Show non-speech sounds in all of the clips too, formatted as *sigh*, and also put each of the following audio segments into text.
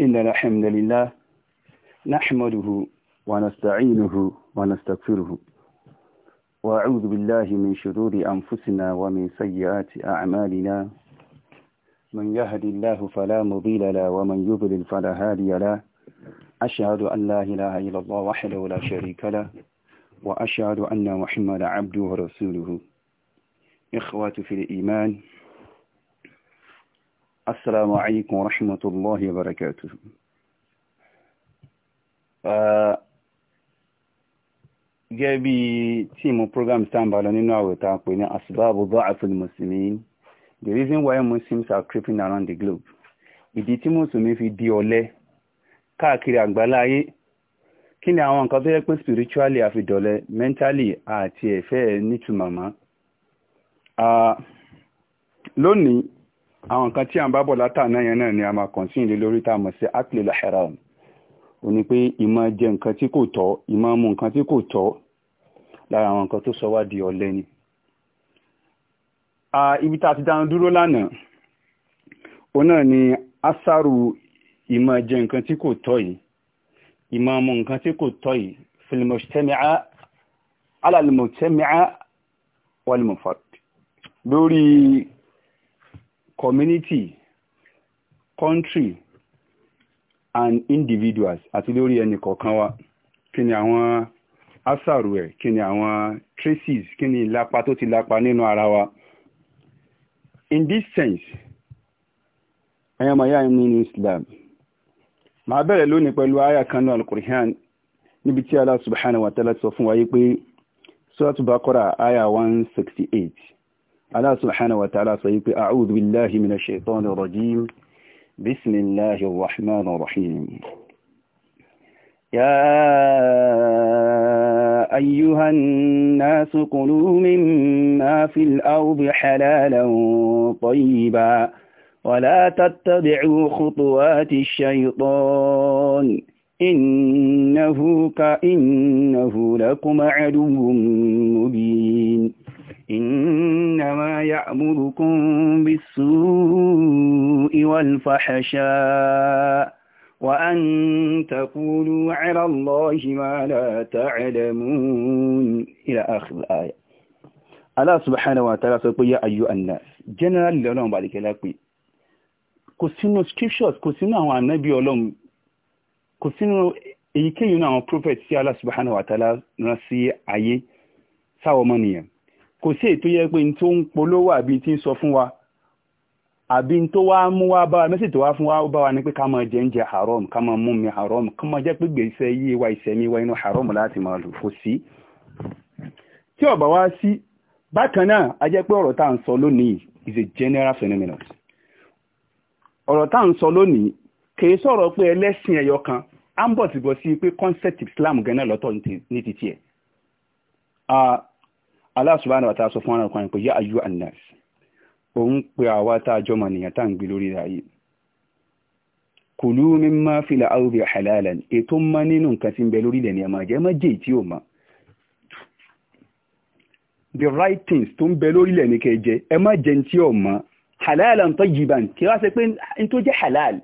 إن الحمد لله نحمده ونستعينه ونستغفره وأعوذ بالله من شرور أنفسنا ومن سيئات أعمالنا من يهد الله فلا مضل له ومن يضلل فلا هادي له أشهد أن لا إله إلا الله وحده لا شريك له وأشهد أن محمدا عبده ورسوله إخوة في الإيمان السلام عليكم ورحمة الله وبركاته gẹ́gẹ́ bí tíìmù program stanba lọ nínú àwẹ̀ tá a pè ní asbab dha'f muslimin the reason why muslims are creeping around the globe ìdí tí mùsùlùmí fi di ọ̀lẹ káàkiri àgbáláyé kí ni àwọn nǹkan tó yẹ pé spiritually a fi mentally àti ẹ̀fẹ́ nítumọ̀ mọ́ uh, lónìí àwọn nǹkan tí à ń bá bọ̀ látàná yẹn náà ni a máa kàn sí ìlé lórí tá a mọ̀ sí aklil haram ó ní pé ìmọ̀ jẹ nǹkan tí kò tọ́ ìmọ̀ mu nǹkan tí kò tọ́ lára àwọn nǹkan tó sọ wá di ọ̀lẹ ni. ibi tá a ti dáhùn dúró lánàá ó náà ni asaru ìmọ̀ jẹ nǹkan tí kò tọ́ yìí ìmọ̀ mu nǹkan tí kò tọ́ yìí fil mujtami'a ala al mujtami'a wal lórí community country and individuals àti lórí ẹnì kọ̀ọ̀kan wa kí ni àwọn asaru ẹ̀ kí ni àwọn traces kí ni ìlapa tó ti lapa nínú ara wa in this sense ẹ̀yàn màá yá ẹni nínú Islam màá bẹ̀rẹ̀ lónìí pẹ̀lú àyà kan náà al-Qur'an níbi tí Allah subhanahu wa ta'ala sọ fún wa yí pé Suratu Baqara àyà 168 على سبحانه وتعالى سيقول أعوذ بالله من الشيطان الرجيم بسم الله الرحمن الرحيم يا أيها الناس قلوا مما في الأرض حلالا طيبا ولا تتبعوا خطوات الشيطان إنه كإنه لكم عدو مبين إنما يأمركم بالسوء والفحشاء وأن تقولوا على الله ما لا تعلمون إلى آخر الآية Allah subhanahu wa ta'ala sọ pé yá ayú annas generally lọ́lọ́run bá dìkẹ́ lápé kò sínú scriptures kò sínú àwọn ànábí ọlọ́run kò sínú èyíkéyìí náà àwọn prophet sí Allah subhanahu wa ta'ala rán sí ayé sáwọn ọmọnìyàn kò sí ètò yẹ pé tó ń polówó àbí tí ń sọ fún wa àbí tó wá mú wá bá wa mẹ́sì tó wá fún wa bá wa ní pé ká máa jẹ oúnjẹ haram ká máa mú mi haram ká máa jẹ́ pé gbèsè yí wa ìsẹ̀mí wa inú haram láti máa lò sí. tí ọba wa sí bákan náà a pé tá à is a general phenomenon. tá à ń sọ lónìí kìí pé kan á ń bọ̀ sí Allah subhanahu wa ta'ala sọ fún arákùnrin pé yá ayyuha an-nas òun pé àwa tá a jọmọ nìyàn tá ń gbé lórí ayé kulu mimma fil ardi halalan ètò mọ́ nínú nǹkan tí ń bẹ lórí ilẹ̀ ni ẹ̀mọ̀ jẹ́ mọ́jẹ́ tí ó mọ́ the right things tó ń bẹ lórí ilẹ̀ ní kẹjẹ ẹ má jẹ́ tí ó mọ́ halalan tayyiban kí wá ṣe pé n tó jẹ́ halal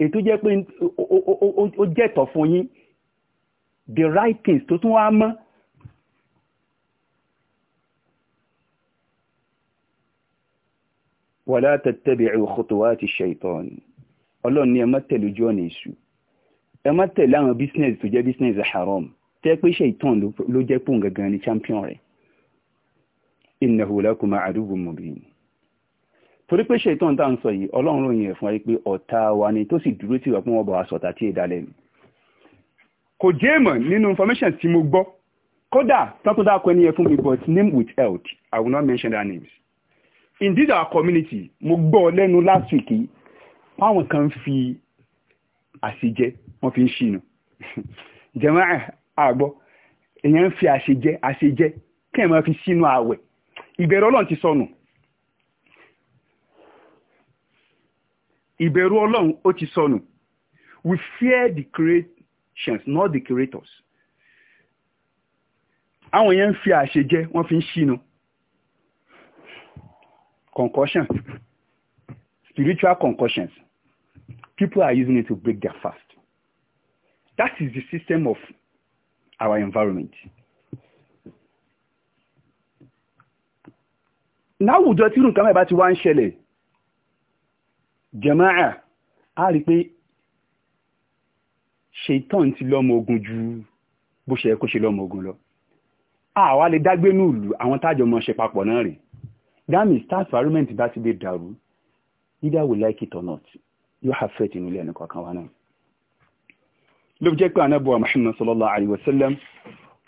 ètò jẹ́ pé ó jẹ́tọ̀ fún yín the right things tó tún wá mọ́ wala tattabi'u khutuwati shaitan ọlọ́run ni ẹ má tẹ̀lé ojú ọ̀nà èṣù ẹ má tẹ̀lé àwọn business tó jẹ́ business haram tẹ́ pé shaitan ló jẹ́ pòun gangan ni champion rẹ̀ innahu lakum aduwwun mubin torí pé ṣètọ́n tá à ń sọ yìí ọlọ́run ròyìn ẹ̀fún ayé pé ọ̀tá wa ni tó sì dúró tí wà pé wọ́n bọ̀ àsọ̀tà tí ìdálẹ́ ni. kò jẹ́ èèmọ̀ nínú information tí mo gbọ́ kódà tọ́kùtà kọ́ ẹni yẹn fún mi but name withheld I will not mention their names indeed our community mo gbọ́ lẹ́nu last week yìí fáwọn kan fi àṣejẹ wọ́n fi ń ṣìnà *laughs* jẹ̀mọ́ àgbọ̀ èèyàn ń fi àṣejẹ àṣejẹ kí ẹ̀ máa fi sínú ààwẹ̀ ìbẹ̀rù ọlọ́run ti sọnù ìbẹ̀rù ọlọ́run ó ti sọnù we fear the creations not the creators àwọn èèyàn ń fi àṣejẹ wọ́n fi ń ṣìnà concussions, spiritual concussions. People are using it to break their fast. That is the system of our environment. Now we irú nǹkan mẹ́bàá ti wá ń ṣẹlẹ̀, jẹmáà, a rí pé ṣètàn ti lọ́mọ ogun ju bó ṣe kó ṣe lọ́mọ ogun lọ. Àwa lè dágbé ìlú àwọn tájọ mọ́ ṣe papọ̀ náà rèé that means that environment bá ti lè either we like it or not You have faith in ẹnìkan kan wá náà. ló jẹ́ pé anábọ̀ Muhammad sallallahu alayhi wa sallam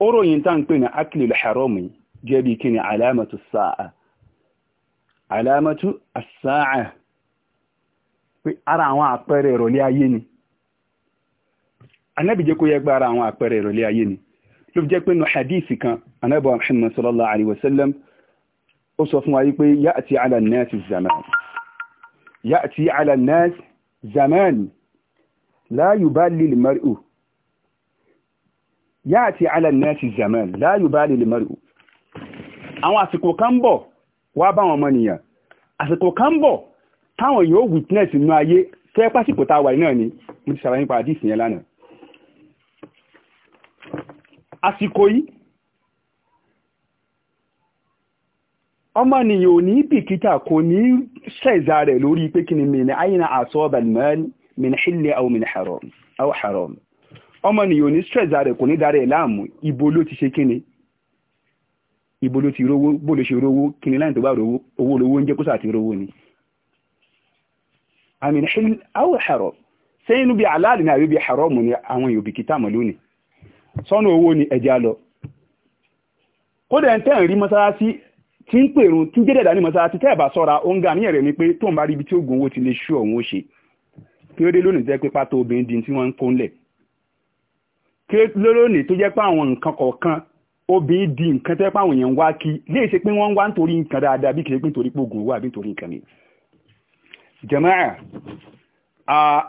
ó ròyìn tá à ń pè ní akílù haram jẹ́ bí kí ni alámàtú sáà alámàtú sáà pé ara àwọn àpẹẹrẹ ìrọ̀lẹ́ ayé ni anábì jẹ́ kó yẹ pé àwọn àpẹẹrẹ ìrọ̀lẹ́ ayé ni ló jẹ́ pé nù hadith kan anábọ̀ Muhammad sallallahu alayhi wa sallam ó sọ fún wa yí pé ya'ti 'ala an-nas zaman ya'ti 'ala an-nas zaman la yubali al-mar'u ya'ti 'ala an-nas zaman la yubali al-mar'u àwọn àsìkò kan bọ̀ wá bá wọn mọ́nìyàn àsìkò kan bọ̀ táwọn yóò witness inú ayé fẹ́ pásìkò tá náà ni mo ti ṣàlàyé nípa yẹn lánàá àsìkò yìí ọmọnìyàn ò ní bìkítà kò ní ṣẹ̀zà rẹ̀ lórí pé kí ni mìíràn àyìnà àsọ́ọ̀bà mìíràn hílẹ̀ àwọn mìíràn haram ọmọnìyàn ò ní ṣẹ̀zà rẹ̀ kò ní darẹ̀ láàmú ibo ló ti ṣe kí ni ibo ló ti rówó bó ló ṣe rówó kí ni láì tó bá rówó owó lówó ń jẹ́ kó sàti rówó ni àmì hílẹ̀ àwọn haram sẹ́yìn níbi àláàlì ní àwọn tí ń pèrún tí ń jẹ́dẹ̀dà ní mọ́sálásí tẹ́ ẹ̀ bá sọ́ra ó ń ga àníyàn rẹ̀ ni pé tóun bá rí ibi tí oògùn owó ti lè ṣú òun ó ṣe kí ló dé lónìí jẹ́ pé pátó obìnrin di tí wọ́n ń kó ńlẹ̀ kí ló lónìí tó jẹ́ pé àwọn nǹkan kọ̀ọ̀kan obìnrin di nǹkan tẹ́ pé àwọn èèyàn ń wá kí lè ṣe pé wọ́n ń wá nítorí nǹkan dáadáa bí kìí pé nítorí pé oògùn owó àbí nítorí nǹkan ni. jàmáà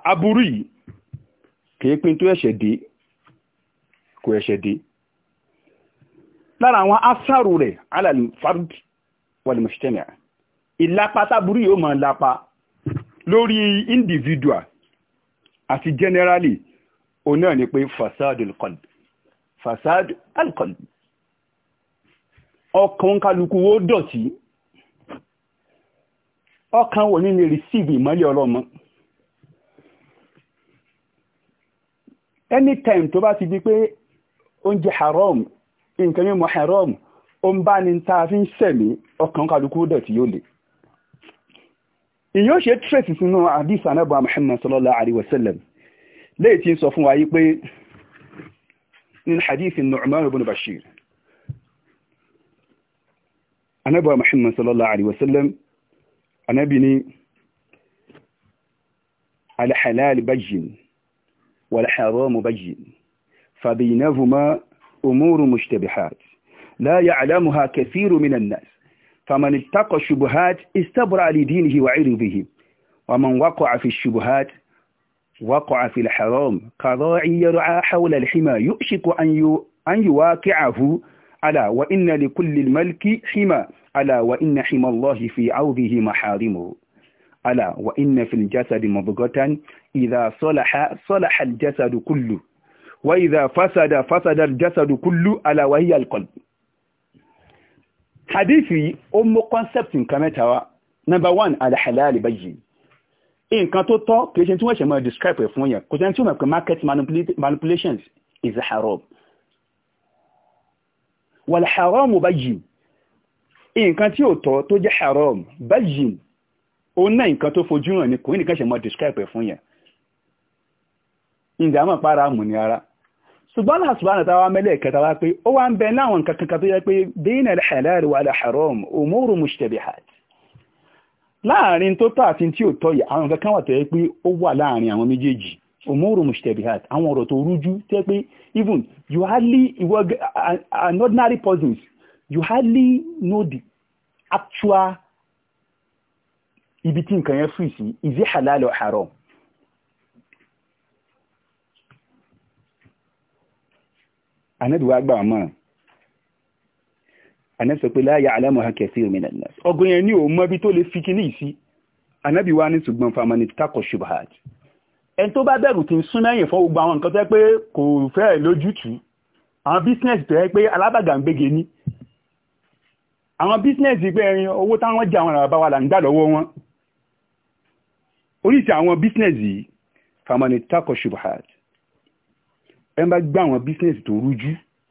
aburú yìí kìí pé tó ẹ̀ṣẹ̀ dé kò ẹ̀ṣẹ̀ dé lára àwọn asáàrù rẹ̀ alàlùfáàrùdì wal-mujtama' ìlapa táburú yóò máa lapa lórí individual àti generally òun náà ni pé fasad al fasad al-qalb ọkàn kálukú ó dọ̀tí ọkàn wò ní ni receive ìmọ́lẹ̀ ọlọ́mọ anytime tó bá ti di pé oúnjẹ haram nǹkan mímu haram ó ń bá ní tá a fi ń sẹ̀mí ọkàn kálukú dọ̀tí yóò lè. ìyóò ṣe tírèsì sínú àdìs anábọ̀ Muhammad sallallahu alaihi wasallam léè tí ń sọ fún wa yí pé nínú hadithi Nu'man ibn Bashir anábọ̀ Muhammad sallallahu alaihi wasallam anábì ni alhalal bajin wal haram bajin fa baynahuma umuru mushtabihat لا يعلمها كثير من الناس فمن اتقى الشبهات استبرأ لدينه وعرضه ومن وقع في الشبهات وقع في الحرام كراعي يرعى حول الحمى يؤشك أن يواقعه ألا وإن لكل الملك حمى ألا وإن حمى الله في عوضه محارمه ألا وإن في الجسد مضغة إذا صلح صلح الجسد كله وإذا فسد فسد الجسد كله ألا وهي القلب Hadithi yìí ó mú concept nǹkan mẹ́ta wá number one alahalali bayyin nǹkan tó tọ́ kìí ṣe tí wọ́n ṣe mọ́ describe ẹ̀ fún yẹn kò sẹ́ni wọ́n mọ̀ market manipulations is a haram wal haram bayyin nǹkan tí ò tọ́ tó jẹ́ haram bayyin ó ná nǹkan tó fojú hàn ní kò ní nǹkan ṣe mọ́ describe ẹ̀ fún yẹn ǹjẹ́ para mù ní ara ṣùgbọ́n náà ṣùgbọ́n tàwa mẹ́lẹ̀ kẹta wá pé ó wá ń bẹ láwọn nǹkan kankan tó yẹ pé bíínà halal wà haram umuru mushtabihat láàrin tó tọ́ àti tí ò tọ́ yìí àwọn nǹkan kan wà tó yẹ pé ó wà láàrin àwọn méjèèjì umuru mushtabihat àwọn ọ̀rọ̀ tó rújú tó yẹ pé even you hardly work an ordinary persons you hardly know the actual ibi tí nǹkan yẹn fì sí is it halal or Ànábì wá gbà mọ́ Ànábì sọ pé la ya'lamuha kathirun minan nas ọgbọ́n yẹn ní òun mọ́bí tó lè fi kíní sí Ànábì wá ní ṣùgbọ́n famani takọ̀ ṣubahat ẹni tó bá bẹ̀rù ti ń sún mẹ́yìn fún gbogbo àwọn nǹkan tó yẹ pé kò fẹ́ lójútùú àwọn bísínẹ́sì tó yẹ pé alábàgàǹgbègè ni àwọn bísínẹ́sì pé ẹrin owó táwọn jẹ àwọn àràbá wa là ń gbà lọ́wọ́ wọn oríṣi àwọn bísínẹ́sì famani takọ̀ ṣubahat ẹ bá gbà àwọn business tó rújú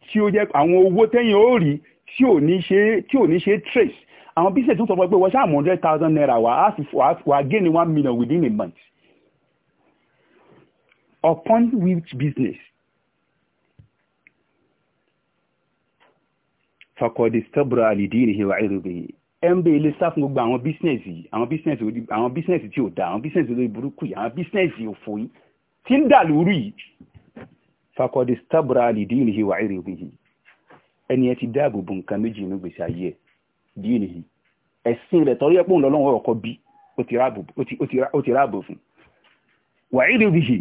tí ó jẹ́ àwọn owó tẹ́yìn ó rí tí ò ní ṣe tí ò ní ṣe trace àwọn business tó sọ pé wọ́n ṣáà mọ̀ hundred thousand naira wà á sì wà á gain one million within a month upon which business fakọ̀dé stọ́bùrọ̀ àlìdí ìrìhì wà ìrìbì ẹ̀ńbẹ̀ ilé sá fún gbogbo àwọn bísínẹ́sì àwọn bísínẹ́sì àwọn bísínẹ́sì tí ò da àwọn bísínẹ́sì olórí burúkú yìí àwọn bísínẹ́sì òfò yìí tí ń dà lóru yìí fakọdí stabra alìdíìnìhì wa ìrìbìhì ẹni ẹ ti dáàbò bo nǹkan méjì inú gbèsè ayé ẹ díìnìhì ẹ̀sìn rẹ̀ tọ́rí ẹ̀pọ̀ ńlọ́lọ́wọ́ ọkọ̀ bí ó ti ráàbò fún wà ìrìbìhì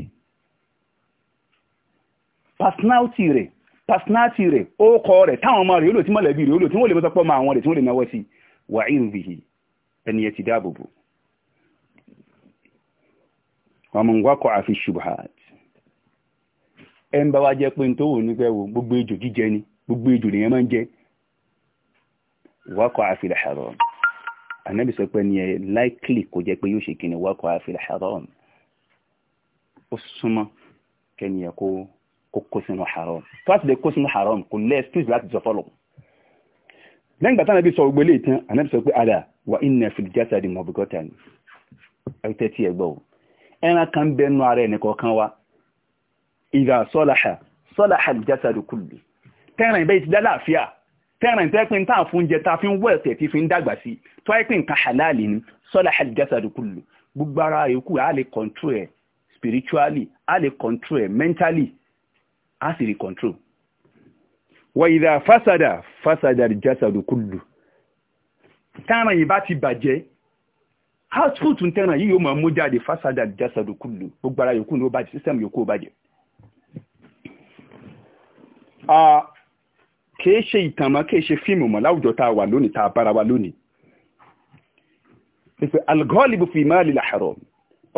personality rẹ̀ personality rẹ̀ ókọ rẹ̀ táwọn ọmọ rẹ̀ yóò lò tí tí lè máa wọn tí lè náwó sí ẹni ẹ ti dáàbò mú ẹ wa bá n tó wò ní wò gbogbo ejò jíjẹ ni gbogbo ejò nìyẹn máa ń jẹ wákọ̀ àfil haram ànábì sọ pé ní ẹ kò jẹ́ pé yóò ṣe kíni wákọ̀ àfil haram ó súnmọ́ kẹ́ni ẹ kó kó sínú haram tó láti lè kó sínú haram kò lẹ́ excuse láti sọ fọlọ́ lẹ́yìn gbàtà ànábì sọ gbogbo eléyìí tán sọ pé àdà wà kan wa ìgbà sọ́láhà sọ́láhà ìjásàdù kùlù tẹ́rìn bẹ́ẹ̀ ti dálàáfíà tẹ́rìn tẹ́pin tá fún jẹ ta fi ń wọ́ ẹ̀tẹ̀ tí fi ń dàgbà sí tó ẹ́ pín nǹkan halal ni sọ́láhà ìjásàdù kùlù gbogbo ara yòókù a lè control ẹ̀ spiritually a lè control ẹ̀ mentally a sì lè control. wà ìdá fásádà fásádà ìjásàdù kùlù tẹ́rìn yìí bá ti bàjẹ́ output tẹ́rìn yìí yóò máa mú jáde fásádà ìjásàdù kùlù gbogbo ara yòókù ló bàjẹ́ system yòókù bàjẹ́ kìí ṣe ìtàn mọ́ kìí ṣe fíìmù mọ́ láwùjọ tá a wà lónìí tá a bára wa lónìí pẹ̀pẹ̀ alghalibu fi mali al-haram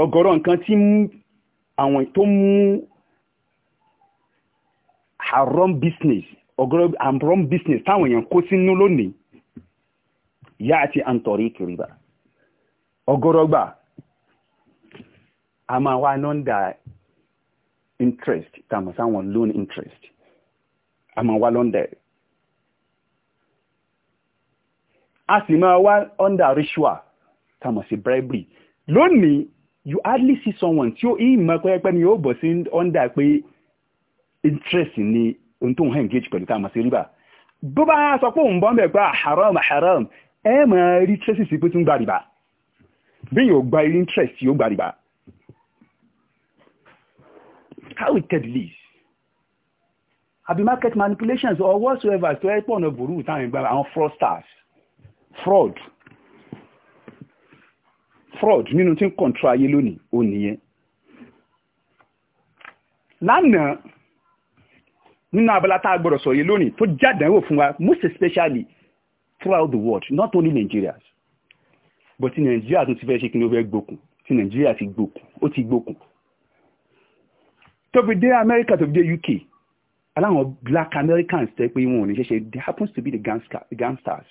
ọ̀gọ̀rọ̀ nǹkan tí àwọn tó mú haram business ọ̀gọ̀rọ̀ haram business táwọn èèyàn kó sínú lónìí yá àti àǹtọ̀rí kìrìbà ọ̀gọ̀rọ̀ gbà a máa wá nọ́ndà interest tàmọ̀ sáwọn loan interest a máa wá lọ́ndẹ̀ a sì máa wá under ritual tàmọ̀ sí bribery lónìí you hardly see someone tí ó ìmọ̀ pẹ́ẹ́pẹ́ ni yóò bọ̀ sí under pé interest ni ohun tó ń engage pẹ̀lú tàmọ̀ sí rìbá bó bá sọ pé òun bọ́ ń bẹ̀ pé ah, haram ah, haram ẹ máa rí tracy sí pé tún gbà rìbá bí yóò gba irú interest yóò gbà rìbá how it take lead àbí market manipulations or whatsoever tó ẹ́ pọ̀ ọ̀nà burú táwọn ìgbà àwọn fraudsters fraud fraud nínú tí ń kọ̀ǹtró ayé lónìí ó nìyẹn. lánàá nínú abala tá a gbọ́dọ̀ sọ yìí lónìí tó jádàáwò fún wa most especially throughout the world not only Nigerians, but ti Nigeria tún ti fẹ́ ṣe kí ni ó fẹ́ gbókun ti Nigeria ti gbókun ó ti gbókun tó fi dé America tó fi dé UK aláwọn black americans tẹ́ pé wọn ò ní ṣeṣe they happen to be the gangsters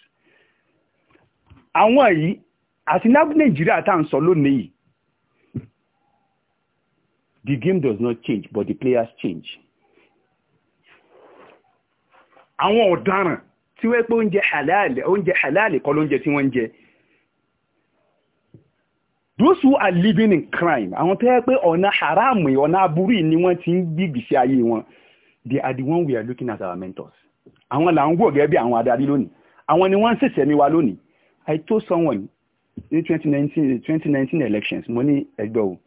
àwọn yìí àti náà nàìjíríà tá à ń sọ lónìí yìí the game does not change but the players change àwọn ọ̀daràn tí wọ́n pé oúnjẹ halal oúnjẹ halal kọ́ lóúnjẹ tí wọ́n ń jẹ those who are living in crime àwọn tó yẹ pé ọ̀nà haram ọ̀nà aburú ni wọ́n ti ń gbígbìsí ayé wọn they are the one we are looking as our mentors. Àwọn là ń wò gẹ́gẹ́ bí àwọn adarí lónìí. Àwọn ni wọ́n ń ṣẹ̀ṣẹ̀ mi wa lónìí. I told someone in 2019, 2019 elections, mo ní ẹgbẹ́ o,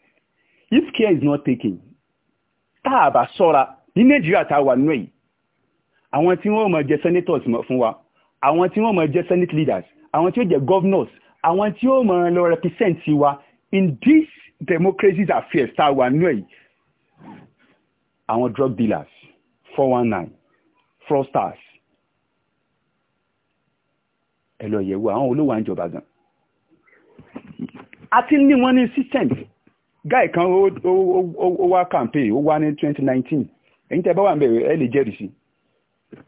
if care is not taken, tá a bá sọ́ra ní Nàìjíríà tá a wà nínú èyí, àwọn tí wọ́n mọ̀ jẹ́ senators fún wa, àwọn tí wọ́n mọ̀ jẹ́ senate leaders, àwọn tí ó jẹ́ governors, àwọn tí ó mọ̀ lọ represent wa in this democracy affairs tá a wà nínú èyí, àwọn drug dealers four one nine fraudsters ẹ lọ yẹ̀wò àwọn olówó àjọba gan àti ní wọ́n ní system guy kan ó wá campaign ó wá ní twenty nineteen ẹ̀yin tẹ́ bá wà ń bẹ̀rẹ̀ ẹ lè jẹ́rìí sí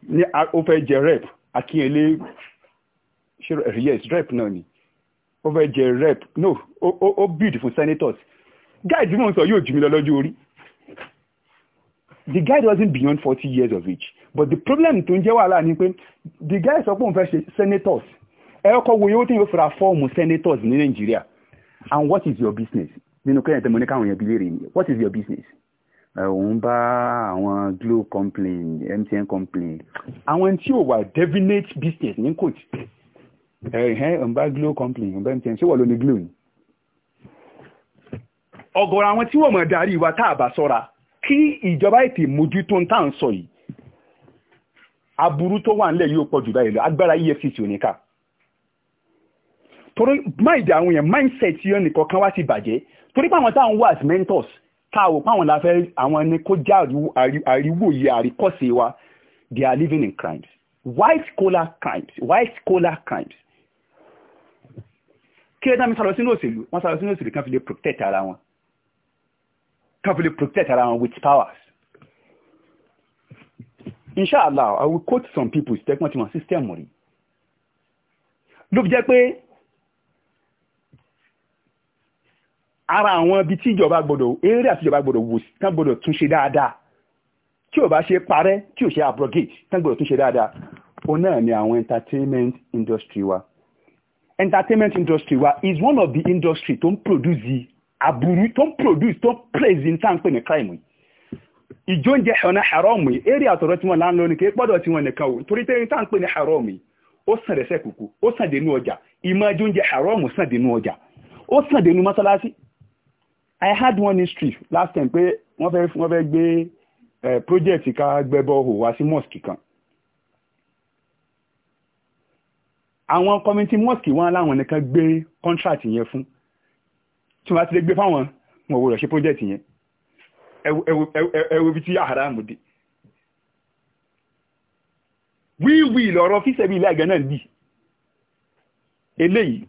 ní ó fẹ́ jẹ rep akínyẹlé eh, yes rep náà ni ó fẹ́ jẹ rep no ó bid fún senators guy tí mò ń sọ yóò jù mí lọ lọ́jọ́ orí the guy wasn't beyond forty years of age but the problem tó ń jẹ́ wàhálà ni pé the guy sọ pé òun fẹ́ ṣe senators ẹ kọ́ wo yóò tẹ̀ yóò fura fọ́ọ̀mù senators ní nàìjíríà and what is your business nínú kẹ́yìn tẹ́ mo ní káwọn yẹn bi léèrè ni what is your business òun bá àwọn glo complain mtn complain àwọn tí ò wà definite business ní coach òun bá glo complain òun bá mtn ṣé wọ́n ló ní glo ni ọ̀gọ̀rọ̀ àwọn tí wọ́n mọ̀ darí wa tá a bá sọ́ra kí ìjọba ètè mójútó ń tà ń sọ yìí aburú tó wà nílẹ̀ yóò pọ̀ jù báyìí lọ agbára EFCC ò ní ká torí máìdì àwọn èèyàn mindset yẹn nìkan kan wá ti bàjẹ́ torí pé táwọn wà as mentors táwọn páwọn la fẹ́ àwọn ẹni kó já àríwòye àríkọ́sẹ̀ wa they are living in crimes white collar crimes white collar crimes kí ẹ dá mi sálọ sínú òṣèlú wọn sálọ sínú òṣèlú kan fi lè protect ara wọn kan fi lè protect ara with powers. inshallah i will quote some people's tẹ́gbọ́n tí wọ́n system rí ló fi jẹ́ pé ara àwọn ibi tí ìjọba gbọ́dọ̀ eré àti ìjọba gbọ́dọ̀ wò tán gbọ́dọ̀ tún ṣe dáadáa tí ò bá ṣe parẹ́ tí ò ṣe abrogate tán gbọ́dọ̀ tún ṣe dáadáa òun náà ni àwọn entertainment industry wa entertainment industry wa is one of the industry tó ń produce aburu tó ń produce tó ń place in tank pè ní crime ìjó ń jẹ ọ̀nà haram yìí eré àtọ̀rọ̀ tí wọ́n là ń lọ ní kí pọ́dọ̀ tí wọ́n nìkan wò torí pé tank pè ní haram yìí ó sàn rẹ̀sẹ̀ kùkù ó sàn dénú ọjà ìmọ̀ ìjó ń jẹ haram sàn dénú ọjà ó sàn dénú mọ́sálásí I had one history last time pé wọ́n fẹ́ wọ́n fẹ́ gbé project ká gbẹ́bọ̀ hò wá sí mosque kan àwọn community mosque wọn láwọn nìkan gbé contract yẹn fún tí wọ́n ti lè gbé fáwọn wọn wò lọ ṣe project yẹn ẹwọ ibi tí àhàrà mú dé wíwí lọ́rọ̀ fíṣẹ̀bí ilé àgbẹ̀ náà dì eléyìí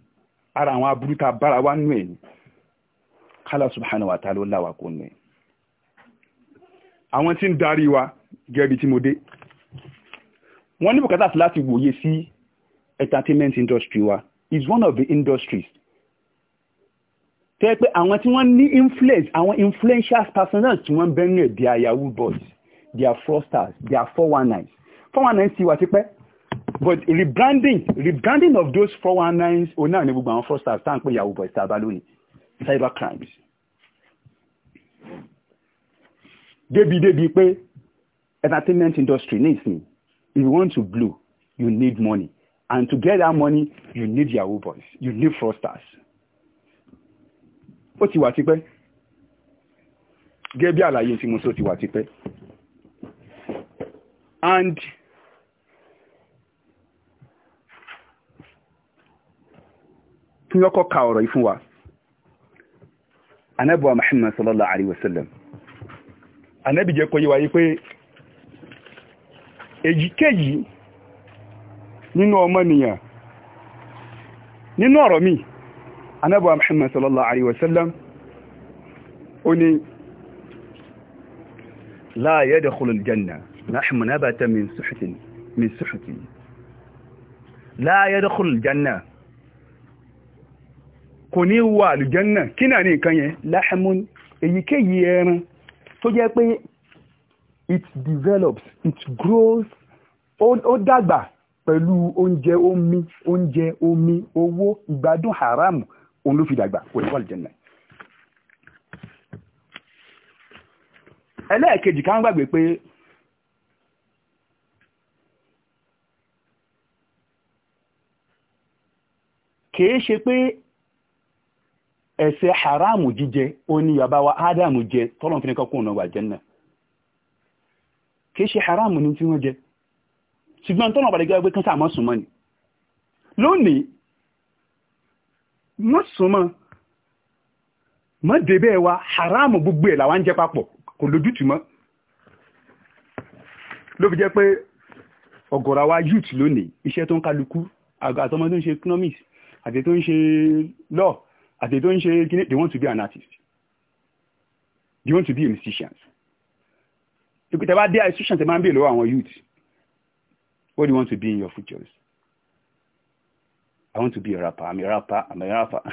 ara àwọn aburú ta bára wá nú ẹ̀ ní kálá subhanahu wa ta'ala ló láwà kó nú ẹ̀ àwọn tí ń darí wa gẹ́bí tí mo dé wọ́n ní bùkátà láti wòye sí entertainment industry wa is one of the industries tẹ́ pé àwọn tí wọ́n ní influence àwọn influential personal tí wọ́n bẹ́ẹ̀ náà they yahoo boys their are fraudsters their four one nine four one nine ti wà tipẹ́ but rebranding rebranding of those four one nines òun now ni gbogbo àwọn fraudsters tá à ń pè yahoo boys tá a bá lónìí cyber crimes débi débi pé entertainment industry ní ìsìn if you want to blow you need money and to get that money you need yahoo boys you need fraudsters ó ti wà tipẹ́ gẹ́gẹ́ bí àlàyé tí mo sọ ti wà tipẹ́ and kí lọ́kọ́ ka ọ̀rọ̀ yìí wa anábọ̀ Muhammad sallallahu alaihi wasallam anábì jẹ́ kó yé wa yí pé èyíkéyìí nínú ọmọnìyàn nínú ọ̀rọ̀ míì anábọ̀ Muhammad sallallahu alaihi wasallam ó ní la yadkhulu aljanna nahnu nabatan min suhutin min suhuti la yadkhulu aljanna kò ní wà aljanna kí náà ní nǹkan yẹn lahmun èyíkéyìí ẹran tó jẹ́ pé it develops it grows ó dàgbà pẹ̀lú oúnjẹ omi oúnjẹ omi owó ìgbádùn haramu òun ló fi dàgbà kò ní wọ́ọ̀lì jẹ́nà. ẹlẹ́ẹ̀kejì ká ń gbàgbé pé kìí ṣe pé ẹ̀ṣẹ̀ haramu jíjẹ ó ní yàbá wa ádámù jẹ tọ́lọ̀ fi ní kọ́kún ọ̀nà wà jẹ́nà kìí ṣe haramu ní tí wọ́n jẹ ṣùgbọ́n tọ́lọ̀ bàdẹ́gbẹ́ kan sáà mọ́ sùn mọ́ ni lónìí mọ́ súnmọ́ mọ́ débẹ̀ wa haramu gbogbo ẹ̀ làwọn ń jẹ papọ̀ kò lójútùú mọ́ ló fi jẹ́ pé ọ̀gọ̀rọ̀ àwa youth lónìí iṣẹ́ tó ń kálukú àtọmọ tó ń ṣe economics àti tó ń ṣe law àti tó ń ṣe kíní they want to be an artist they want to be a musician ìpìtẹ́ bá dé institution tẹ máa ń bèèrè lọ́wọ́ àwọn youth what do you want to be in your future? I want to be a rapper I'm a rapper I'm a rapper *laughs*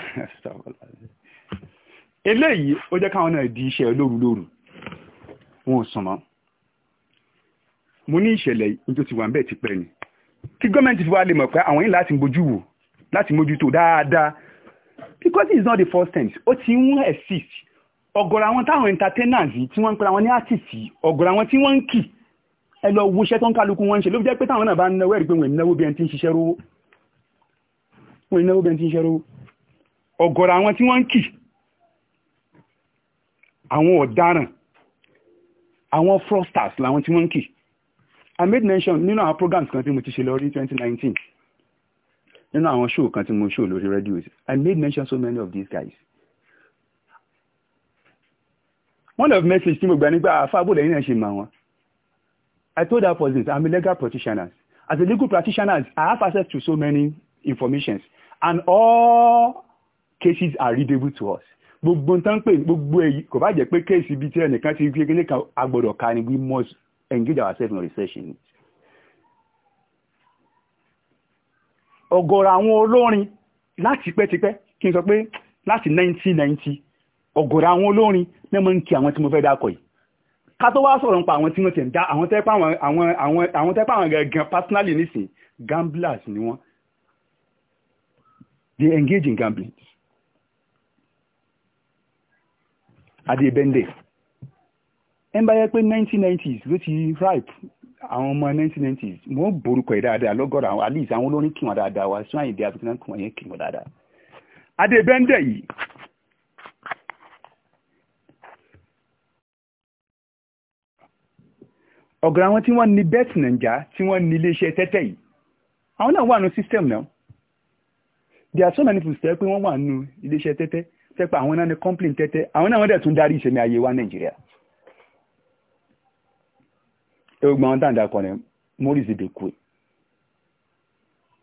eléyìí ó jẹ́ káwọn náà di iṣẹ́ lóru lóru wọn ò sàn mọ́ mo ní ìṣẹ̀lẹ̀ nítorí ti wà ń bẹ́ẹ̀ ti pẹ́ ni kí gọ́ọ̀mẹ̀ntì fi wá lè mọ̀ pé àwọn yìí láti mójú wò láti mójútó dáadáa because it's not the first time ó ti ń exist ọ̀gọ̀rọ̀ àwọn táwọn entertainers yìí tí wọ́n ń pera wọn ní artist ọ̀gọ̀rọ̀ àwọn tí wọ́n ń kì ẹ lọ wo iṣẹ́ tó ń kálukú wọn ṣe ló jẹ́ pé táwọn náà bá ń náwó ẹ̀rí pé wọ́n ń náwó bí ẹni tí ń ṣiṣẹ́ rówó wọn ìnáwó bẹ́ẹ̀ ti ń ṣẹ́rọ ọ̀gọ̀rọ̀ àwọn tí wọ́n ń kì àwọn ọ̀daràn àwọn fraudsters làwọn tí wọ́n ń kì i made mention nínú àwọn programs kan tí mo ti ṣe lọ rí 2019 nínú àwọn show kan tí mo show lórí radio i made mention so many of these guys one of message tí mo gbà nígbà àfáàbò ah, lẹ́yìn náà ṣe mọ̀ wọn i told that person i'm a legal practitioner as a legal practitioner i have access to so many informations and all cases are readable to us gbogbo nǹkan pé gbogbo èyí kò bá jẹ́ pé kéèsì bíi tí ẹnìkan ti gbé kékeré kan agbọ́dọ̀ ka ni we must engage ourselves in research in it. ọ̀gọ̀rọ̀ àwọn olórin láti pẹ́tipẹ́ kí n sọ pé láti 1990 ọ̀gọ̀rọ̀ àwọn olórin náà máa ń kí àwọn tí mo fẹ́ dákọ̀ yìí ká tó wá sọ̀rọ̀ nípa àwọn tí wọ́n ti ń dá àwọn tẹ́pá àwọn gẹ̀gẹ̀ personally nísìn gamblers ni wọ́n They engage in gambling. Adebende. Ẹ ń bá yẹ 1990s ló ti ripe àwọn ọmọ 1990s mo borúkọ ẹ̀ dáadáa lọ́gọ́rọ̀ àwọn at least àwọn olórin kì wọ́n dáadáa wá sí àyèdè àfikún kì wọ́n yẹn kì wọ́n dáadáa. Adebende yìí ọ̀gọ̀rọ̀ àwọn tí wọ́n ní bẹ́ẹ̀tì nàìjà tí wọ́n ní iléeṣẹ́ tẹ́tẹ́ yìí àwọn náà wà ní system náà there are so many people tẹ́ pé wọ́n wà nù iléeṣẹ́ tẹ́tẹ́ tẹ́ pé àwọn náà ní complain tẹ́tẹ́ àwọn náà wọ́n dẹ̀ tún darí ìṣẹ̀mí ayé wa nàìjíríà. egbon wọn tàǹdà kan ní morris ibekwe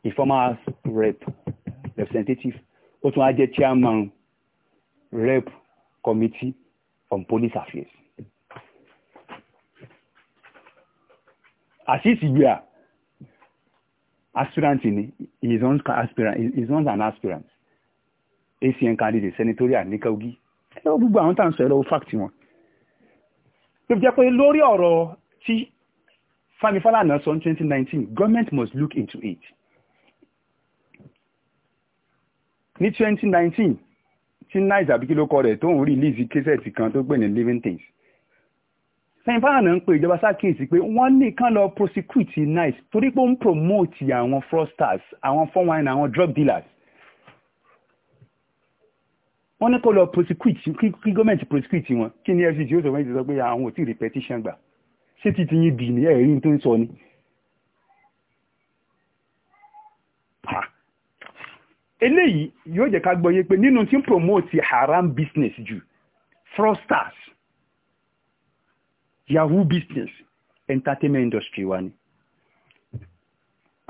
a former rep representative ó tún á jẹ́ chairman rep committee on police affairs. àṣìṣì gbé aspirant ni he is once aspirant he is once an aspirant ACN candidate senatorial ní Kogi ẹ̀rọ gbogbo àwọn tá à ń sọ ẹ̀rọ fact wọn. ló fi jẹ́ pé lórí ọ̀rọ̀ tí Fami Falana sọ ní twenty nineteen government must look into it. ní 2019, nineteen tí nice àbíkí ló kọ rẹ̀ tó ń release kẹsẹ̀tì kan tó gbé ní living things sẹ́yìnfàhàn náà ń pe ìjọba sákèsì pé wọ́n nìkan lọ prosecute nice torí pé ó ń promote àwọn fraudsters àwọn four àwọn drug dealers wọ́n ní kó lọ prosecute kí gọ́ọ̀mẹ̀ntì prosecute wọn kí ni fcc ó sọ wọ́n ti sọ pé àwọn ò tí ì rí petition gbà ṣé ti ti yín bì ní ẹ̀rí tó ń sọ ni. eléyìí yóò jẹ́ ká gbọ́ yé pé nínú tí ń promote haram business jù fraudsters yahoo business entertainment industry wa ni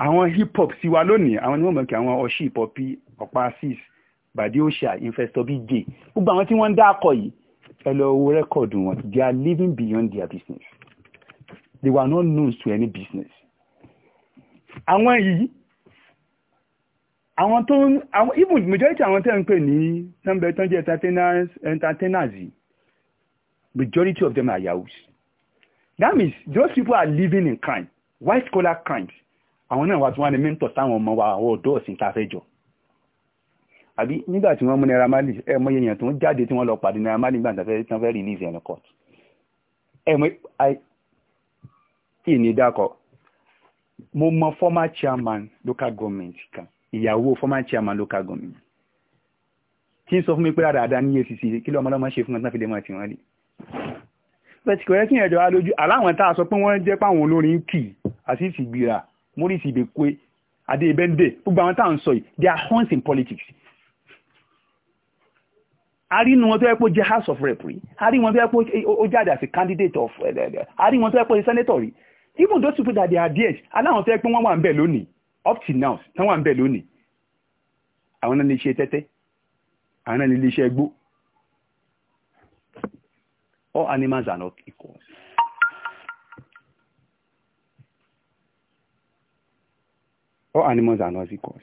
àwọn hip hop sí wa lónìí àwọn ni wọ́n mọ̀ kí àwọn ọṣì ìpọ́pí ọ̀pá sis bàdí òṣà investor bíi jay gbogbo àwọn tí wọ́n ń dá akọ yìí ẹ lọ wo rẹ́kọ̀dù wọn they are living beyond their business they were not known to any business. àwọn yìí àwọn tó ń àwọn even majority àwọn tẹ́ ń pè ní tẹ́ńbẹ́ tán jẹ́ entertainers entertainers yìí majority of them are yahoos that means those people are living in crime white collar crimes àwọn náà wà tí wọ́n ní mẹ́ńtọ̀ táwọn ọmọ wa àwọn ọ̀dọ́ ọ̀sìn tá a fẹ́ jọ àbí nígbà tí wọ́n mú naira mali ẹ mọ èèyàn tó ń jáde tí wọ́n lọ pàdé naira mali nígbà tí wọ́n fẹ́ release ẹ̀ ní court ẹ mọ ìní dákọ̀ mo mọ former chairman local government kan ìyàwó former chairman local government tí ń sọ fún mi pé dáadáa ní efcc kí lọ́mọdé máa ṣe fún wọn tí fi lè máa tì rí pẹ̀sìkò kí ẹ̀jọ̀ alójú aláwọn tá a sọ pé wọ́n jẹ́ páwọn olórin kì àṣìṣì gbìrà maurice ibekwe adé ebende gbogbo àwọn tá à ń sọ yìí they are horns in politics. a rí inú wọn tó yẹ pé ó house of rep rí a rí wọn tó yẹ pé ó jáde as a candidate of eh, eh, eh, a rí wọn tó yẹ pé ó senator rí even those people that they are there aláwọn tó yẹ pé wọ́n wà ń bẹ̀ lónìí up till now tán wà ń bẹ̀ lónìí àwọn náà lè ṣe tẹ́tẹ́ àwọn náà lè ṣe ẹgbó All animals are not equal. All animals are not equal.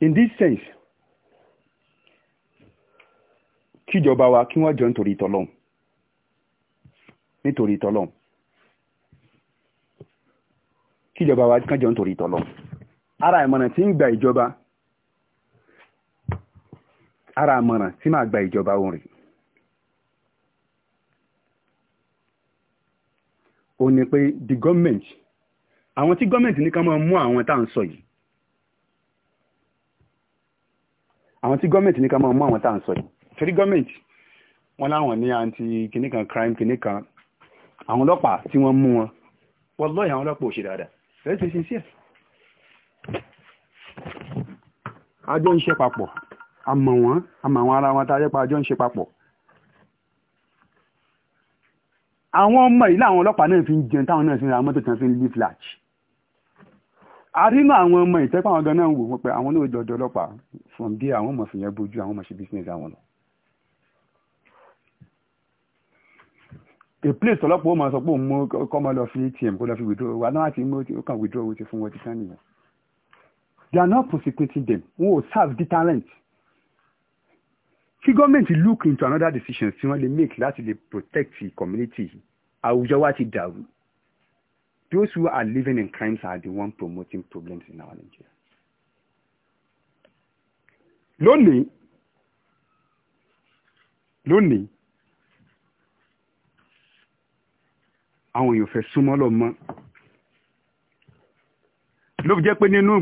In this sense, kíjọba wa kí wọ́n jọ nítorí tọ́lọ́m nítorí tọ́lọ́m kíjọba wa kán jọ nítorí tọ́lọ́m ara ìmọ̀ràn tí ń gba ìjọba ara ìmọ̀ràn tí máa gba ìjọba òun rèé ó ní pé the government àwọn tí government ní ká máa mú àwọn tá à ń sọ yìí àwọn tí government ní ká máa mú àwọn tá à ń sọ yìí torí government wọn láwọn ní àǹtí kìnnìkan crime kìnnìkan àwọn ọlọ́pàá tí wọ́n mú wọn wọ́n lọ́yìn àwọn ọlọ́pàá ò ṣe dáadáa fẹ́ẹ́ ṣe sincere àjọ ń ṣe papọ̀ àmọ̀ wọn àmọ̀ àwọn ara wọn tá a yẹ pa àjọ ń ṣe papọ̀ àwọn ọmọ yìí làwọn ọlọ́pàá náà fi ń jẹun táwọn náà fi ń ra mọ́tò tán fi ń leaf large àrínú àwọn ọmọ ìtẹ́pọ̀ àwọn ganan wò wọ́n pé àwọn olóòjọ ọ̀dọ́ ọlọ́pàá from there àwọn ọmọ fìyẹn bójú àwọn ọmọ ṣe business àwọn lọ. a place ọlọ́pàá ó máa sọ pé òun mú kọ́mọ lọ fi atm kó lọ fi withdraw wa náà ti mú kàn withdraw owó ti fún wọn ti sán nìyẹn. they are not prosecuting them wọn ò serve talent? kí gọ́ọ̀mẹ̀ntì look into another decision. tí wọ́n lè make láti lè protect the community àwùjọ wa ti dàrú those who are living in crimes are the one promoting problems in our Nigeria. lónìí lónìí àwọn èèyàn fẹ́ súnmọ́ lọ mọ́ ló jẹ́ pé nínú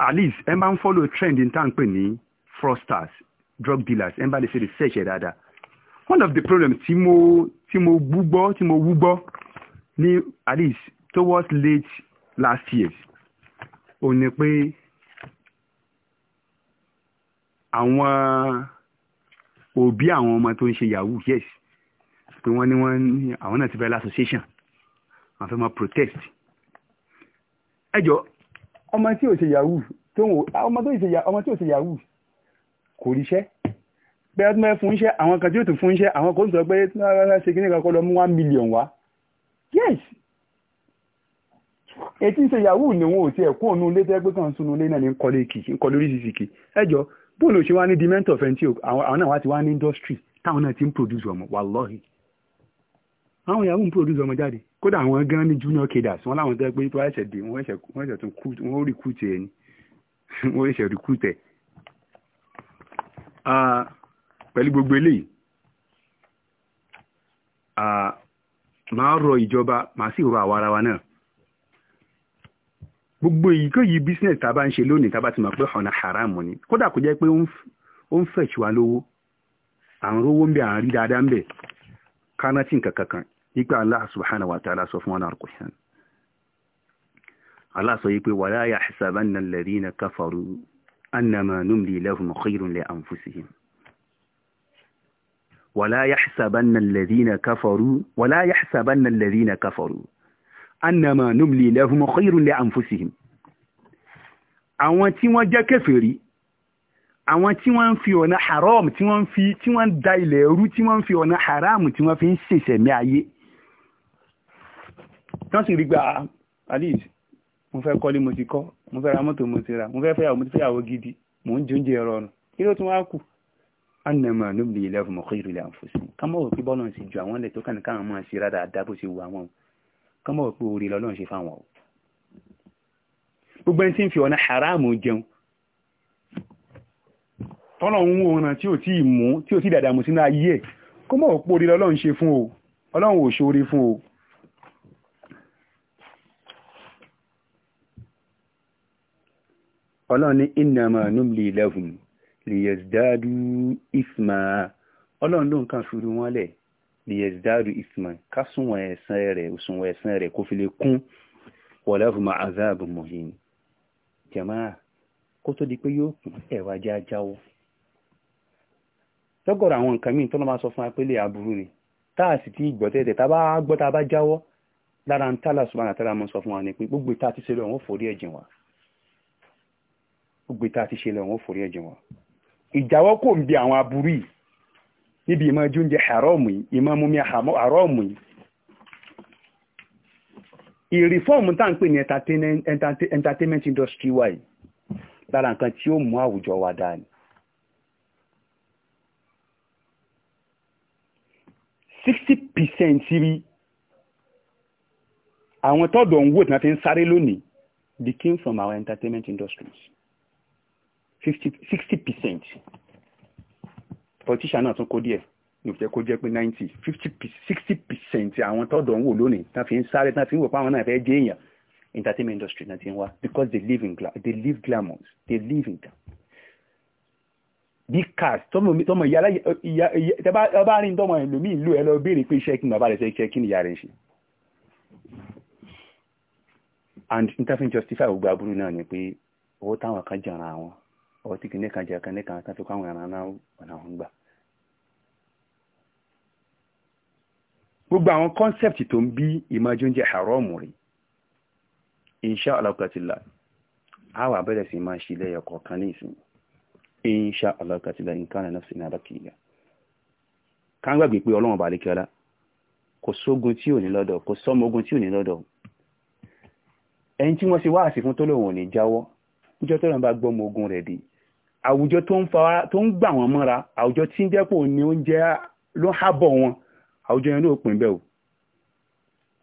at least ẹ máa ń follow trend in tá à pè ní fraudsters drug dealers ẹ̀ ń bá lè ṣe research ẹ̀ dáadáa one of the problems tí mo tí mo wú gbọ́ tí mo wú gbọ́ ní at least towards late last year ò ní pé àwọn òbí àwọn ọmọ tó ń ṣe yahoo yes pé wọ́n ní wọ́n ní àwọn náà ti bẹ̀rẹ̀ association àwọn fẹ́ máa protest ẹjọ́ ọmọ tí ò ṣe yahoo tó ń wò ọmọ tó ṣe yahoo kò ríṣẹ́ pé ọdún mẹ́rin fún iṣẹ́ àwọn kan tí ó tún fún iṣẹ́ àwọn kan sọ pé ṣe kí nìkan lọ mú one million wá yes etí ń ṣe yahoo ni wọn ò tiẹ̀ kún òun ilé tẹ́gbẹ́ kan sunu ilé náà ní kọ́lé kì í kọ́lé oríṣiríṣi kì í ẹjọ́ bóòlù ṣe wá ní di mentor fẹ́ntì àwọn náà wá ti wá ní industry táwọn náà ti ń produce ọmọ wallahi àwọn yahoo ń produce ọmọ jáde kódà àwọn gan ní junior cadres wọn láwọn tẹ́ pé tó ẹ̀ṣẹ̀ dé wọ́n ẹ̀ṣẹ̀ tún recruit wọ́n recruit *laughs* ẹ̀ ni wọ́n ẹ̀ṣẹ̀ recruit pẹ̀lú gbogbo eléyìí máa rọ ìjọba máa sì rọ àwa ara wa náà gbogbo èyíkéyìí business tá a bá ń ṣe lónìí tá a bá ti mọ̀ pé ọ̀nà haram ni kódà kó jẹ́ pé ó ń fẹ̀tù wa lówó à ń rówó ń bẹ à ń rí dáadáa ń bẹ kánátì nǹkan kankan nípa Allah subhanahu wa ta'ala sọ fún wọn náà sàn. Allah sọ yìí pé wala yahsabanna alladhina kafaru أنما نملي لهم خير li ولا يحسبن الذين كفروا. kafaru wala yahsabanna alladhina kafaru annama numli lahum khayrun li anfusihim àwọn tí wọ́n jẹ́ kèfèrí àwọn tí wọ́n ń fi ọ̀nà haram tí wọ́n ń da ilẹ̀ ẹrú tí wọ́n ń fi ọ̀nà haram tí wọ́n fi ń ṣèṣẹ̀mí ayé tán sì rí gba alice mo fẹ́ kọ́lé mo ti kọ́ mo fẹ́ ra mọ́tò mo ti ra mo fẹ́ fẹ́yàwó mo ti fẹ́yàwó gidi mo ń jóúnjẹ ẹ̀rọ ọ̀nà kí ló tún wá kù anamọ níbi ilẹ̀ fún ọkọ̀ ìrìlẹ̀ àǹfọ̀sí kámọ́ wò pé bọ́ọ̀lù ti ju àwọn ilẹ̀ tó kàn káwọn máa ṣe rádà dá bó ṣe wù àwọn kámọ́ wò pé orí lọ́lọ́run ṣe fáwọn o gbogbo ẹni tí ń fi ọ̀nà haramu jẹun tọ́lọ̀ ń wo ọ̀nà tí ò tí mú tí ò tí dàdàmú sínú ayé ẹ̀ kọ́mọ́ wò orí lọ́lọ́run ṣe fún o ọlọ́run ò ṣoore fún o ọlọ́run ní innama numli lahum liyazdadu isma ọlọ́run ló ń kan fi wọn lẹ̀ liyazdadu isma ká sunwọ̀n ẹ̀sán rẹ̀ òṣùwọ̀n ẹ̀sán rẹ̀ kó fi lè kún walahum azabun muhin jàmáà kó tó di pé yóò kún ẹ̀wà jẹ́ ajáwó lọ́gọ̀rọ̀ àwọn nǹkan míì tó lọ́ máa sọ fún wa pé lè aburú ni tá a sì ti gbọ́ tẹ́tẹ́ tá a bá gbọ́ tá a bá jáwọ́ lára ń tálà subhanahu wa mọ́ sọ fún wa ni pé gbogbo ìta àti ṣẹlẹ̀ òun forí ẹ̀jìn wa gbogbo tá a ti ṣe lọ wọn forí ẹ̀jẹ̀ wọn ìjáwọ́ kò ń bi àwọn aburú yìí níbi ìmọ̀ ẹjọ́ oúnjẹ haramu yìí ìmọ̀ mumi haramu yìí ìrìfọ́ọ̀mù tá à ń pè ní entertainment industry wa yìí lára nǹkan tí ó mú àwùjọ wa dáa ni sixty percent rí àwọn tọ́dọ̀ ń wò tí wọ́n fi ń sáré lónìí they came from our entertainment industries. 60 percent politician náà tún kó díẹ̀ ní òfìjẹ́ kó jẹ́ pé ninety fifty sixty percent àwọn tọ́dọ̀ ń wò lónìí tá fi ń sáré tá fi ń wò pé àwọn náà fẹ́ jẹ́ èèyàn entertainment industry náà ti ń wá because they live in gla they live glamour they live in glamour big cars tọmọ tọmọ ìyára ìyá tẹbá ọba rìn tọmọ ẹlòmí ìlú ẹ lọ béèrè pé iṣẹ́ kí ni bàbá rẹ̀ ṣe kí ni ìyá rẹ̀ ṣe and interfering justify gbogbo aburú náà ni pé owó táwọn kan jẹran àwọn ọwọ́ tí kìíní kan jẹ́ kan nìkan kan tó káwọn ẹran náà ọ̀nà àwọn gbà. gbogbo àwọn kọ́nsẹ́pì tó ń bí ìmọ̀jú oúnjẹ haram rí insha Allah katila a wà bẹ̀rẹ̀ sí máa ṣe ilé ẹ̀kọ́ kan ní ìsinmi insha Allah katila nǹkan náà sì náà lọ́kìlá kángbàgbé pé ọlọ́run bá lékẹ́ọ́lá kò sógun tí ò ní lọ́dọ̀ kò sọ́mọ ogun tí ò ní lọ́dọ̀ ẹni tí wọ́n ṣe wáàsí fún tó lòun ò ní jáwọ́ níjọ́ tó lọ́n bá gbọ́mọ ogun rẹ̀ dé àwùjọ tó ń gbà wọ́n mọ́ra àwùjọ tí ń jẹ́pọ̀ ní oúnjẹ ló hábọ̀ wọn àwùjọ yẹn ló pín bẹ́ẹ̀ o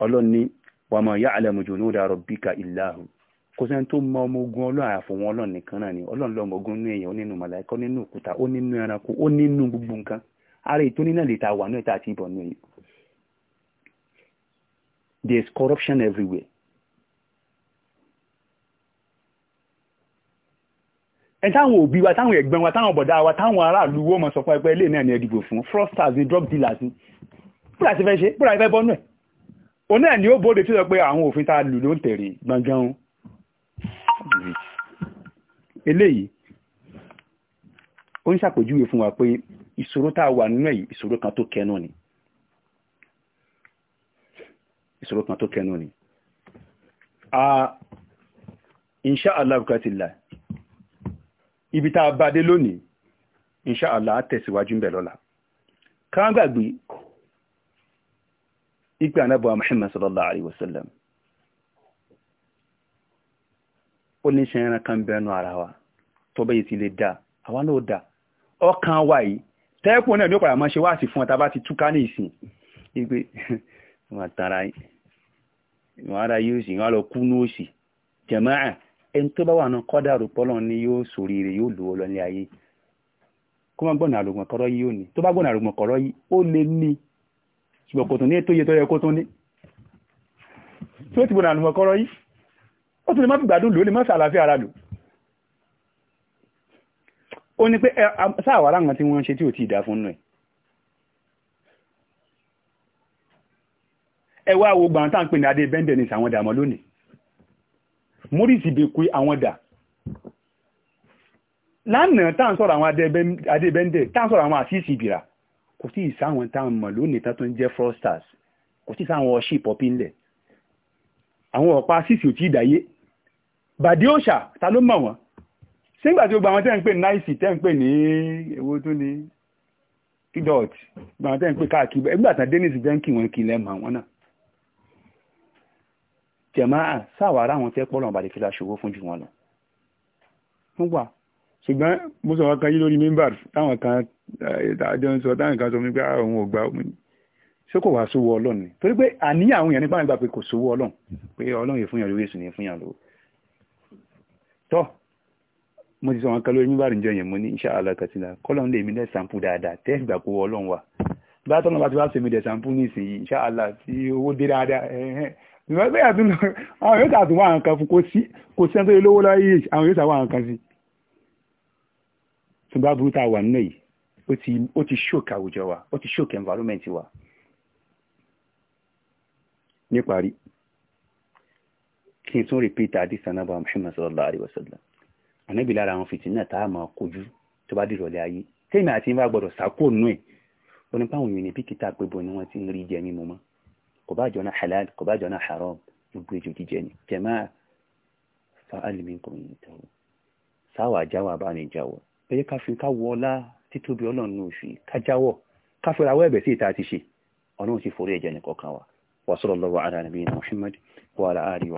ọlọ́run ní wa ma ya'lamu junuda rabbika illa hu kò sẹ́ni tó mọ ọmọ ogun ọlọ́run àyàfòwọn ọlọ́run nìkan náà ni ọlọ́run lọ́mọ ogun nínú èèyàn ó nínú màláìkọ́ nínú òkúta ó nínú ẹranko ó nínú gbogbo nǹkan ara ètò nínú ìlẹ̀ta wà náà tá a ti bọ̀ nù there is corruption everywhere ẹ táwọn òbí wa táwọn ẹ̀gbọ́n wa táwọn bọ̀dá wa táwọn aráàlú wọ́n mọ̀ sọ pé ẹgbẹ́ ilé náà ni ẹ̀dìgbò fún fraudsters ni drug dealers ni búra ti fẹ́ ṣe búra fẹ́ bọ́nú ẹ̀ òun náà ni ó bóde tí ó sọ pé àwọn òfin tá a lù ló ń tẹ̀rẹ̀ gbọ̀ngàn eléyìí ó ń ṣàpèjúwe fún wa pé ìṣòro tá a wà nínú ẹ̀yìn ìṣòro kan tó kẹnu ni ìṣòro kan tó kẹnu ni insha Allah bukatila ibi tá a bá dé lónìí inṣàlá tẹ̀síwájú ńbẹ̀ lọ́la káńgbàgbé ipe anábọ̀ Muhammad sallallahu alayhi wa ó ní ṣe ẹran kan bẹnu ara wa tó bẹ́yìí ti lè dá àwa náà dá ọkàn wa yìí tẹ́ẹ̀pù náà ní òpàdà máa ṣe wá sí fún ọ̀tá bá ti túká ní ìsìn ipe wọn tara wọn ara yóò sì wọn lọ kú ní òsì jẹ̀máà ẹni tó bá wà náà kọ́dà rò pọ́lọ́ ni yóò ṣoríire yóò lò ó lọ́lẹ́ ayé kó má gbọ́nà àrògbọ̀n kọ́rọ́ yìí ó ní tó bá gbọ́nà àrògbọ̀n kọ́rọ́ yìí ó lè ní ṣùgbọ́n kò tún ní ètò iye tó yẹ kó tún ní tí ó ti gbọ́nà àrògbọ̀n kọ́rọ́ yìí ó tún lè má fi gbádùn lò ó lè má ṣàlàáfíà ara lò ó ní pé sáàwárà nǹkan tí wọ́n ṣe tí ò ti dà fún nù ẹ̀ ẹ wá wo gbàǹtà ní adé bẹ́ńdẹ̀ ní sàwọn dàmọ́ lónìí Maurice Ibekwe àwọn dà lánàá tá à ń sọ̀rọ̀ àwọn adébẹ́ndẹ̀ tá à ń sọ̀rọ̀ àwọn àṣìṣì ìbìrà kò sí ìsáwọn tá à ń mọ̀ lónìí tá tó ń jẹ́ fraudsters kò sí ìsáwọn ọṣì pọ̀pí ńlẹ̀ àwọn ọ̀pá àṣìṣì ò tí ì dáyé bàdí òòṣà ta ló mọ̀ wọ́n sígbà tí ó àwọn tẹ́ ń pè ní náìsì tẹ́ ní èwo tún ni kidot gba àwọn tẹ́ ń pè káàkiri ẹgbẹ́ àtàdénìsì jẹ́ ń kí wọn kí lẹ́ẹ̀mọ̀ àwọn náà jẹ̀máà sáwàárà àwọn tẹ́ pọ́lọ̀ bàdé kílá ṣòwò fún jù wọn lọ. wọ́n wà. ṣùgbọ́n mo sọ̀rọ̀ kan yí lórí mímbàr táwọn kan eh, àjọ ń sọ táwọn kan sọ mi pé àwọn ah, ò gbà omi ṣé kò wá sówó ọlọ́run ni torí pé àníyàn àwọn èèyàn nípa ìgbà pé kò sówó ọlọ́run pé ọlọ́run yìí fún yàn lórí èsùn yìí fún yàn lówó. tọ́ mo ti sọ wọn kan lórí mímbàr ǹjọ yẹn mo ní iṣẹ́ alákàtìlá kọ́lọ́n lè mi lẹ́ sàǹpù tọ́nà bá ti wá sèmi dẹ̀ sàǹpù ní ìsìn tí owó dé dáadáa ìwọ́n gbé yàtú náà àwọn yóò tààtù wà nǹkan fún kò sí kò sí ẹni tó yẹ lówó lọ́wọ́ yìí àwọn yóò tààtù wà nǹkan sí. ṣùgbọ́n aburú tá a wà nínú yìí ó ti ṣòkè àwùjọ wa ó ti ṣòkè environment wa. níparí kí n tún repeat hadith anábà muhammad sallallahu alayhi wa sallam anábì lára àwọn fìtínà tá a máa kojú tó bá dìrọ̀lẹ́ ayé tẹ́mi àti ń bá gbọ́dọ̀ sákò nù ẹ̀ onípàwọn èèyàn ní bíkítà pé bo ni wọ́n ti ń rí jẹ mímu mọ́ kò bá jọna halal kò bá jọna haram gbogbo ejò jíjẹ ni jẹmáà fa aliminkum tẹ̀wọ̀ sáwà jáwọ̀ àbáni jáwọ̀ pẹ̀lú ká fi ká wọlá títóbi ọlọ́run oṣù ká jáwọ̀ ká fi ra wẹ́ẹ̀bẹ̀ sí ìta ti ṣe ọlọ́run ti forí ẹ̀jẹ̀ nìkọ̀ọ̀kan wa wa sallallahu ala nabiyina Muhammad wa ala alihi